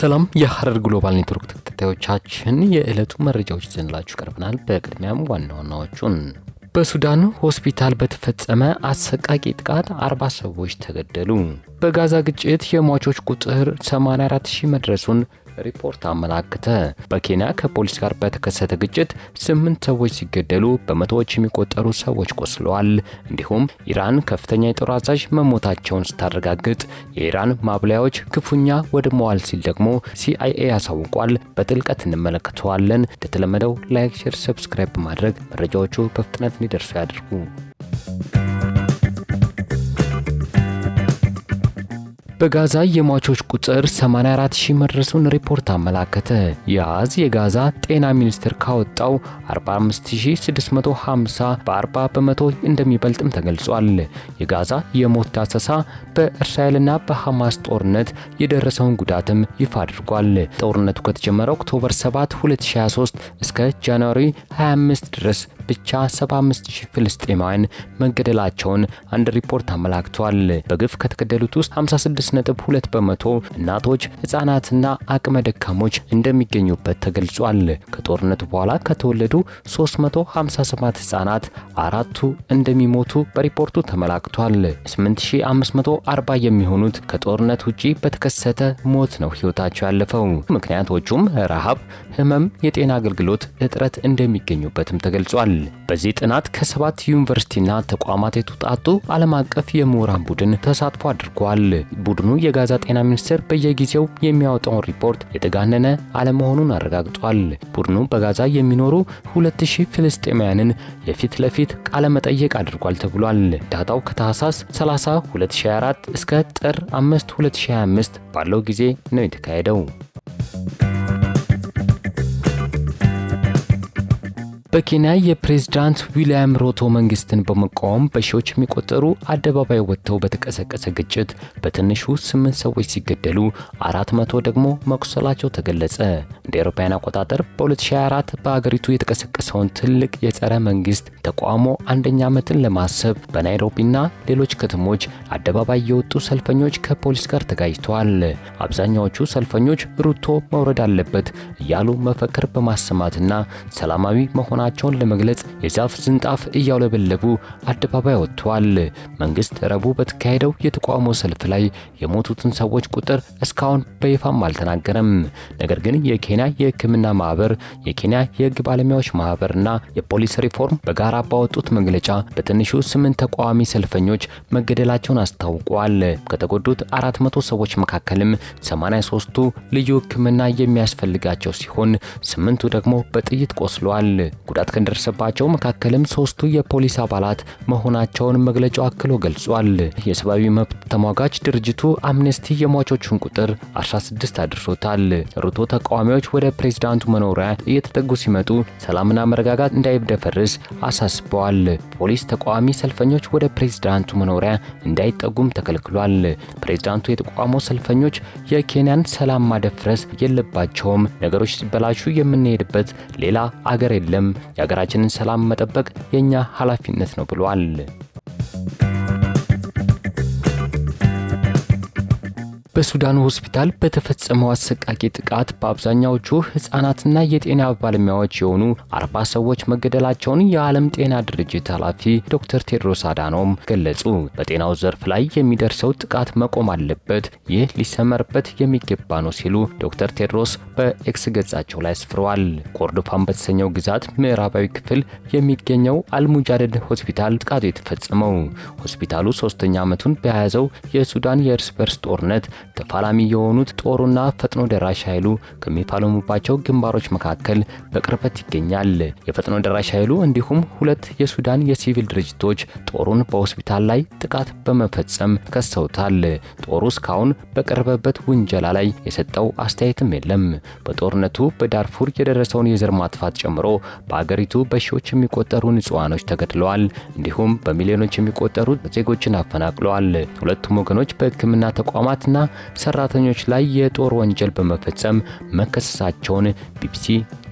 ሰላም የሐረር ግሎባል ኔትወርክ ተከታዮቻችን የዕለቱ መረጃዎች ዘንላችሁ ቀርበናል። በቅድሚያም ዋና ዋናዎቹን በሱዳን ሆስፒታል በተፈጸመ አሰቃቂ ጥቃት 40 ሰዎች ተገደሉ። በጋዛ ግጭት የሟቾች ቁጥር 84 ሺህ መድረሱን ሪፖርት አመላክተ በኬንያ ከፖሊስ ጋር በተከሰተ ግጭት ስምንት ሰዎች ሲገደሉ በመቶዎች የሚቆጠሩ ሰዎች ቆስለዋል። እንዲሁም ኢራን ከፍተኛ የጦር አዛዥ መሞታቸውን ስታረጋግጥ የኢራን ማብለያዎች ክፉኛ ወድመዋል ሲል ደግሞ ሲአይኤ ያሳውቋል። በጥልቀት እንመለከተዋለን። እንደተለመደው ላይክ፣ ሼር፣ ሰብስክራይብ በማድረግ መረጃዎቹ በፍጥነት እንዲደርሱ ያድርጉ። በጋዛ የሟቾች ቁጥር 84 ሺህ መድረሱን ሪፖርት አመላከተ። የአዝ የጋዛ ጤና ሚኒስቴር ካወጣው 45650 በ40 በመቶ እንደሚበልጥም ተገልጿል። የጋዛ የሞት ዳሰሳ በእስራኤልና በሐማስ ጦርነት የደረሰውን ጉዳትም ይፋ አድርጓል። ጦርነቱ ከተጀመረ ኦክቶበር 7 2023 እስከ ጃንዋሪ 25 ድረስ ብቻ 75000 ፍልስጤማውያን መገደላቸውን አንድ ሪፖርት አመላክቷል። በግፍ ከተገደሉት ውስጥ 56.2 በመቶ እናቶች፣ ህጻናትና አቅመ ደካሞች እንደሚገኙበት ተገልጿል። ከጦርነቱ በኋላ ከተወለዱ 357 ህጻናት አራቱ እንደሚሞቱ በሪፖርቱ ተመላክቷል። 8540 የሚሆኑት ከጦርነት ውጪ በተከሰተ ሞት ነው ህይወታቸው ያለፈው። ምክንያቶቹም ረሃብ፣ ህመም፣ የጤና አገልግሎት እጥረት እንደሚገኙበትም ተገልጿል። ተገኝተዋል። በዚህ ጥናት ከሰባት ዩኒቨርሲቲና ተቋማት የተውጣጡ ዓለም አቀፍ የምሁራን ቡድን ተሳትፎ አድርጓል። ቡድኑ የጋዛ ጤና ሚኒስቴር በየጊዜው የሚያወጣውን ሪፖርት የተጋነነ አለመሆኑን አረጋግጧል። ቡድኑ በጋዛ የሚኖሩ 2000 ፍልስጤማውያንን የፊት ለፊት ቃለ መጠየቅ አድርጓል ተብሏል። ዳታው ከታህሳስ 30 2024 እስከ ጥር 5 2025 ባለው ጊዜ ነው የተካሄደው። በኬንያ የፕሬዝዳንት ዊልያም ሮቶ መንግስትን በመቃወም በሺዎች የሚቆጠሩ አደባባይ ወጥተው በተቀሰቀሰ ግጭት በትንሹ ስምንት ሰዎች ሲገደሉ አራት መቶ ደግሞ መቁሰላቸው ተገለጸ። እንደ አውሮፓውያን አቆጣጠር በ2024 በአገሪቱ የተቀሰቀሰውን ትልቅ የጸረ መንግስት ተቃውሞ አንደኛ ዓመትን ለማሰብ በናይሮቢና ሌሎች ከተሞች አደባባይ የወጡ ሰልፈኞች ከፖሊስ ጋር ተጋጅተዋል። አብዛኛዎቹ ሰልፈኞች ሩቶ መውረድ አለበት እያሉ መፈክር በማሰማትና ሰላማዊ መሆን መሆናቸውን ለመግለጽ የዛፍ ዝንጣፍ እያውለበለቡ አደባባይ ወጥተዋል። መንግስት ረቡዕ በተካሄደው የተቃውሞ ሰልፍ ላይ የሞቱትን ሰዎች ቁጥር እስካሁን በይፋም አልተናገረም። ነገር ግን የኬንያ የሕክምና ማህበር፣ የኬንያ የህግ ባለሙያዎች ማህበርና የፖሊስ ሪፎርም በጋራ ባወጡት መግለጫ በትንሹ ስምንት ተቃዋሚ ሰልፈኞች መገደላቸውን አስታውቋል። ከተጎዱት 400 ሰዎች መካከልም 83ቱ ልዩ ሕክምና የሚያስፈልጋቸው ሲሆን ስምንቱ ደግሞ በጥይት ቆስለዋል። ጉዳት ከደረሰባቸው መካከልም ሶስቱ የፖሊስ አባላት መሆናቸውን መግለጫው አክሎ ገልጿል። የሰብአዊ መብት ተሟጋች ድርጅቱ አምነስቲ የሟቾቹን ቁጥር 16 አድርሶታል። ሩቶ ተቃዋሚዎች ወደ ፕሬዝዳንቱ መኖሪያ እየተጠጉ ሲመጡ ሰላምና መረጋጋት እንዳይደፈርስ አሳስበዋል። ፖሊስ ተቃዋሚ ሰልፈኞች ወደ ፕሬዝዳንቱ መኖሪያ እንዳይጠጉም ተከልክሏል። ፕሬዝዳንቱ የተቃውሞ ሰልፈኞች የኬንያን ሰላም ማደፍረስ የለባቸውም፣ ነገሮች ሲበላሹ የምንሄድበት ሌላ አገር የለም የሀገራችንን ሰላም መጠበቅ የእኛ ኃላፊነት ነው ብለዋል። በሱዳን ሆስፒታል በተፈጸመው አሰቃቂ ጥቃት በአብዛኛዎቹ ህጻናትና የጤና ባለሙያዎች የሆኑ አርባ ሰዎች መገደላቸውን የዓለም ጤና ድርጅት ኃላፊ ዶክተር ቴድሮስ አዳኖም ገለጹ። በጤናው ዘርፍ ላይ የሚደርሰው ጥቃት መቆም አለበት፣ ይህ ሊሰመርበት የሚገባ ነው ሲሉ ዶክተር ቴድሮስ በኤክስ ገጻቸው ላይ አስፍረዋል። ኮርዶፋን በተሰኘው ግዛት ምዕራባዊ ክፍል የሚገኘው አልሙጃደድ ሆስፒታል ጥቃቱ የተፈጸመው ሆስፒታሉ ሶስተኛ ዓመቱን በያዘው የሱዳን የእርስ በርስ ጦርነት ተፋላሚ የሆኑት ጦሩና ፈጥኖ ደራሽ ኃይሉ ከሚፋለሙባቸው ግንባሮች መካከል በቅርበት ይገኛል። የፈጥኖ ደራሽ ኃይሉ እንዲሁም ሁለት የሱዳን የሲቪል ድርጅቶች ጦሩን በሆስፒታል ላይ ጥቃት በመፈጸም ከሰውታል። ጦሩ እስካሁን በቀረበበት ውንጀላ ላይ የሰጠው አስተያየትም የለም። በጦርነቱ በዳርፉር የደረሰውን የዘር ማጥፋት ጨምሮ በአገሪቱ በሺዎች የሚቆጠሩ ንጹሐኖች ተገድለዋል። እንዲሁም በሚሊዮኖች የሚቆጠሩ ዜጎችን አፈናቅለዋል። ሁለቱም ወገኖች በሕክምና ተቋማትና ሰራተኞች ላይ የጦር ወንጀል በመፈጸም መከሰሳቸውን ቢቢሲ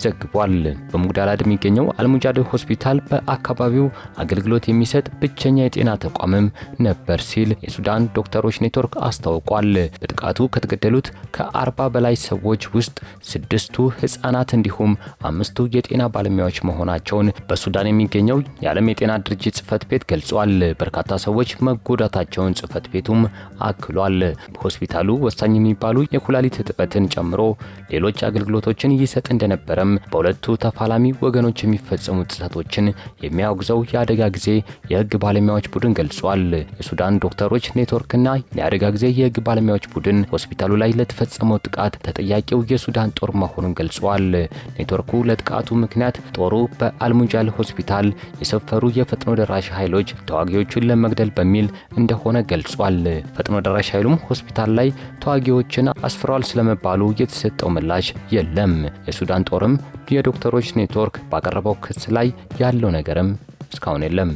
ዘግቧል። በሙግዳላድ የሚገኘው አልሙጃዲድ ሆስፒታል በአካባቢው አገልግሎት የሚሰጥ ብቸኛ የጤና ተቋምም ነበር ሲል የሱዳን ዶክተሮች ኔትወርክ አስታውቋል። በጥቃቱ ከተገደሉት ከአርባ በላይ ሰዎች ውስጥ ስድስቱ ህጻናት እንዲሁም አምስቱ የጤና ባለሙያዎች መሆናቸውን በሱዳን የሚገኘው የዓለም የጤና ድርጅት ጽህፈት ቤት ገልጿል። በርካታ ሰዎች መጎዳታቸውን ጽህፈት ቤቱም አክሏል። በሆስፒታል ሆስፒታሉ ወሳኝ የሚባሉ የኩላሊት እጥበትን ጨምሮ ሌሎች አገልግሎቶችን ይሰጥ እንደነበረም በሁለቱ ተፋላሚ ወገኖች የሚፈጸሙ ጥሰቶችን የሚያወግዘው የአደጋ ጊዜ የህግ ባለሙያዎች ቡድን ገልጿል። የሱዳን ዶክተሮች ኔትወርክና የአደጋ ጊዜ የህግ ባለሙያዎች ቡድን ሆስፒታሉ ላይ ለተፈጸመው ጥቃት ተጠያቂው የሱዳን ጦር መሆኑን ገልጿል። ኔትወርኩ ለጥቃቱ ምክንያት ጦሩ በአልሙጃል ሆስፒታል የሰፈሩ የፈጥኖ ደራሽ ኃይሎች ተዋጊዎቹን ለመግደል በሚል እንደሆነ ገልጿል። ፈጥኖ ደራሽ ኃይሉም ሆስፒታል ላይ ተዋጊዎችን አስፍሯል ስለመባሉ የተሰጠው ምላሽ የለም። የሱዳን ጦርም የዶክተሮች ኔትወርክ ባቀረበው ክስ ላይ ያለው ነገርም እስካሁን የለም።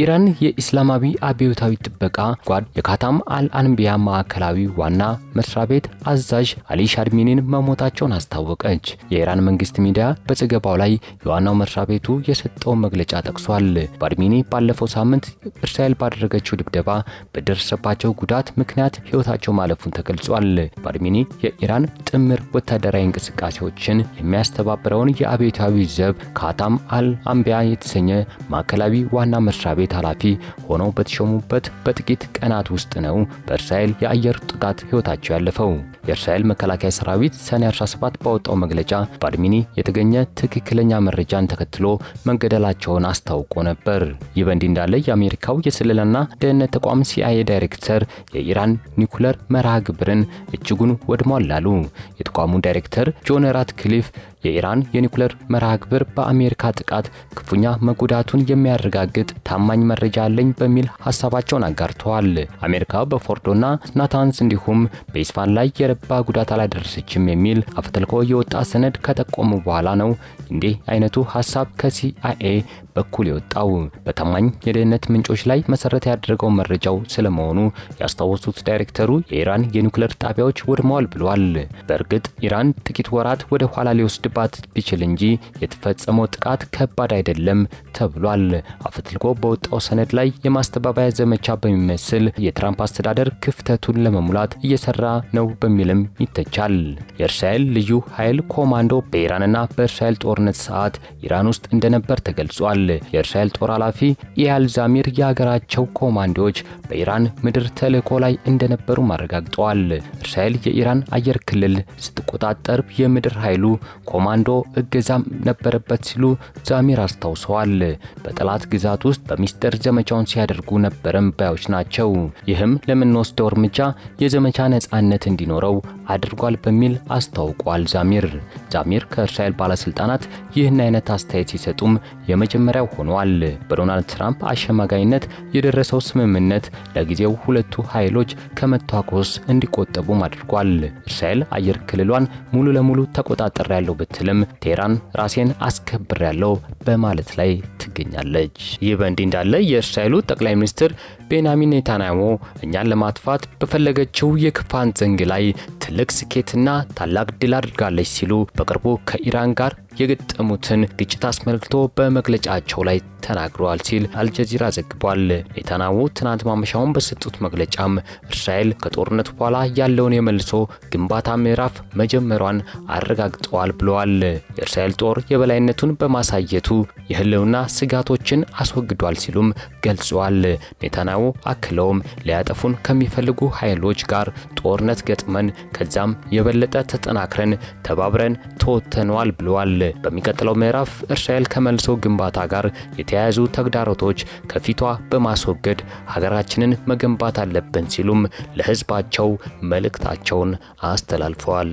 ኢራን የኢስላማዊ አብዮታዊ ጥበቃ ጓድ የካታም አል አንቢያ ማዕከላዊ ዋና መስሪያ ቤት አዛዥ አሊ ሻድሚኒን መሞታቸውን አስታወቀች። የኢራን መንግስት ሚዲያ በዘገባው ላይ የዋናው መስሪያ ቤቱ የሰጠውን መግለጫ ጠቅሷል። ባድሚኒ ባለፈው ሳምንት እስራኤል ባደረገችው ድብደባ በደረሰባቸው ጉዳት ምክንያት ህይወታቸው ማለፉን ተገልጿል። ባድሚኒ የኢራን ጥምር ወታደራዊ እንቅስቃሴዎችን የሚያስተባብረውን የአብዮታዊ ዘብ ካታም አል አንቢያ የተሰኘ ማዕከላዊ ዋና መስሪያ ቤት ምክትል ኃላፊ ሆነው በተሾሙበት በጥቂት ቀናት ውስጥ ነው በእስራኤል የአየር ጥቃት ሕይወታቸው ያለፈው። የእስራኤል መከላከያ ሰራዊት ሰኔ 17 ባወጣው መግለጫ በአድሚኒ የተገኘ ትክክለኛ መረጃን ተከትሎ መገደላቸውን አስታውቆ ነበር። ይህ በእንዲህ እንዳለ የአሜሪካው የስለላና ደህንነት ተቋም ሲአይኤ ዳይሬክተር የኢራን ኒኩለር መርሃ ግብርን እጅጉን ወድሟል አሉ። የተቋሙ ዳይሬክተር ጆን ራትክሊፍ የኢራን የኒኩለር መርሃ ግብር በአሜሪካ ጥቃት ክፉኛ መጎዳቱን የሚያረጋግጥ ታማኝ መረጃ አለኝ በሚል ሀሳባቸውን አጋርተዋል። አሜሪካ በፎርዶና ናታንስ እንዲሁም በኢስፋን ላይ የረ ያልተገባ ጉዳት አላደረሰችም የሚል አፈተልኮ የወጣ ሰነድ ከጠቆሙ በኋላ ነው እንዲህ አይነቱ ሀሳብ ከሲአይኤ በኩል የወጣው። በታማኝ የደህንነት ምንጮች ላይ መሰረት ያደረገው መረጃው ስለመሆኑ ያስታወሱት ዳይሬክተሩ የኢራን የኒውክሌር ጣቢያዎች ወድመዋል ብሏል። በእርግጥ ኢራን ጥቂት ወራት ወደ ኋላ ሊወስድባት ቢችል እንጂ የተፈጸመው ጥቃት ከባድ አይደለም ተብሏል። አፈትልኮ በወጣው ሰነድ ላይ የማስተባበያ ዘመቻ በሚመስል የትራምፕ አስተዳደር ክፍተቱን ለመሙላት እየሰራ ነው በሚል በሚልም ይተቻል። የእስራኤል ልዩ ኃይል ኮማንዶ በኢራንና በእስራኤል ጦርነት ሰዓት ኢራን ውስጥ እንደነበር ተገልጿል። የእስራኤል ጦር ኃላፊ ኢያል ዛሚር የሀገራቸው ኮማንዶዎች በኢራን ምድር ተልዕኮ ላይ እንደነበሩ አረጋግጠዋል። እስራኤል የኢራን አየር ክልል ስትቆጣጠር የምድር ኃይሉ ኮማንዶ እገዛም ነበረበት ሲሉ ዛሚር አስታውሰዋል። በጠላት ግዛት ውስጥ በሚስጥር ዘመቻውን ሲያደርጉ ነበረም ባዮች ናቸው። ይህም ለምንወስደው እርምጃ የዘመቻ ነጻነት እንዲኖረው እንዲያውቀው አድርጓል በሚል አስታውቋል። ዛሚር ዛሚር ከእስራኤል ባለስልጣናት ይህን አይነት አስተያየት ሲሰጡም የመጀመሪያው ሆኗል። በዶናልድ ትራምፕ አሸማጋይነት የደረሰው ስምምነት ለጊዜው ሁለቱ ኃይሎች ከመታኮስ እንዲቆጠቡም አድርጓል። እስራኤል አየር ክልሏን ሙሉ ለሙሉ ተቆጣጠር ያለው ብትልም ቴህራን ራሴን አስከብር ያለው በማለት ላይ ትገኛለች። ይህ በእንዲህ እንዳለ የእስራኤሉ ጠቅላይ ሚኒስትር ቤንያሚን ኔታንያሁ እኛን ለማጥፋት በፈለገችው የክፋን ዘንግ ላይ ትልቅ ስኬትና ታላቅ ድል አድርጋለች ሲሉ በቅርቡ ከኢራን ጋር የገጠሙትን ግጭት አስመልክቶ በመግለጫቸው ላይ ተናግረዋል ሲል አልጀዚራ ዘግቧል። ኔታንያሁ ትናንት ማመሻውን በሰጡት መግለጫም እስራኤል ከጦርነቱ በኋላ ያለውን የመልሶ ግንባታ ምዕራፍ መጀመሯን አረጋግጠዋል ብለዋል። የእስራኤል ጦር የበላይነቱን በማሳየቱ የህልውና ስጋቶችን አስወግዷል ሲሉም ገልጿል። ኔታንያሁ አክለውም ሊያጠፉን ከሚፈልጉ ኃይሎች ጋር ጦርነት ገጥመን ከዛም የበለጠ ተጠናክረን ተባብረን ተወተኗል ብለዋል። በሚቀጥለው ምዕራፍ እስራኤል ከመልሶ ግንባታ ጋር የተያያዙ ተግዳሮቶች ከፊቷ በማስወገድ ሀገራችንን መገንባት አለብን ሲሉም ለሕዝባቸው መልእክታቸውን አስተላልፈዋል።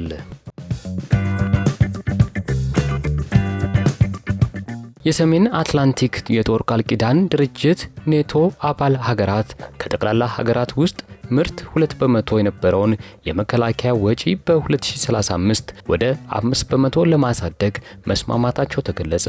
የሰሜን አትላንቲክ የጦር ቃል ኪዳን ድርጅት ኔቶ አባል ሀገራት ከጠቅላላ ሀገራት ውስጥ ምርት 2 በመቶ የነበረውን የመከላከያ ወጪ በ2035 ወደ 5 በመቶ ለማሳደግ መስማማታቸው ተገለጸ።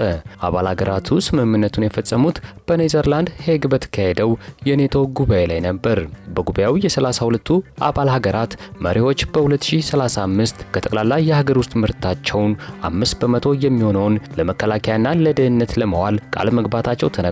አባል አገራቱ ስምምነቱን የፈጸሙት በኔዘርላንድ ሄግ በተካሄደው የኔቶ ጉባኤ ላይ ነበር። በጉባኤው የ32ቱ አባል ሀገራት መሪዎች በ2035 ከጠቅላላ የሀገር ውስጥ ምርታቸውን 5 በመቶ የሚሆነውን ለመከላከያና ለደህንነት ለመዋል ቃል መግባታቸው ተነግሯል።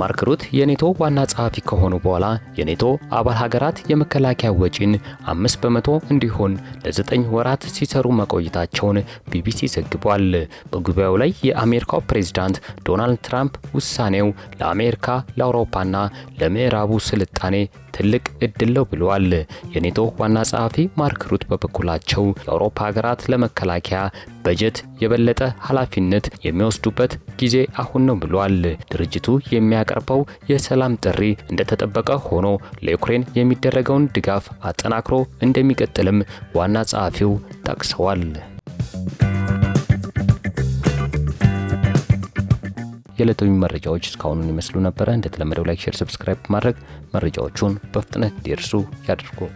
ማርክ ሩት የኔቶ ዋና ጸሐፊ ከሆኑ በኋላ የኔቶ አባል ሀገራት የመከላከያ ወጪን አምስት በመቶ እንዲሆን ለዘጠኝ ወራት ሲሰሩ መቆየታቸውን ቢቢሲ ዘግቧል። በጉባኤው ላይ የአሜሪካው ፕሬዚዳንት ዶናልድ ትራምፕ ውሳኔው ለአሜሪካ፣ ለአውሮፓና ለምዕራቡ ስልጣኔ ትልቅ እድል ነው ብለዋል። የኔቶ ዋና ጸሐፊ ማርክ ሩት በበኩላቸው የአውሮፓ ሀገራት ለመከላከያ በጀት የበለጠ ኃላፊነት የሚወስዱበት ጊዜ አሁን ነው ብለዋል። ድርጅቱ የሚያቀርበው የሰላም ጥሪ እንደተጠበቀ ሆኖ ለዩክሬን የሚደረገውን ድጋፍ አጠናክሮ እንደሚቀጥልም ዋና ጸሐፊው ጠቅሰዋል። የዕለታዊ መረጃዎች እስካሁኑን ይመስሉ ነበረ። እንደተለመደው ላይክ፣ ሼር፣ ሰብስክራይብ ማድረግ መረጃዎቹን በፍጥነት እንዲደርሱ ያድርጉ።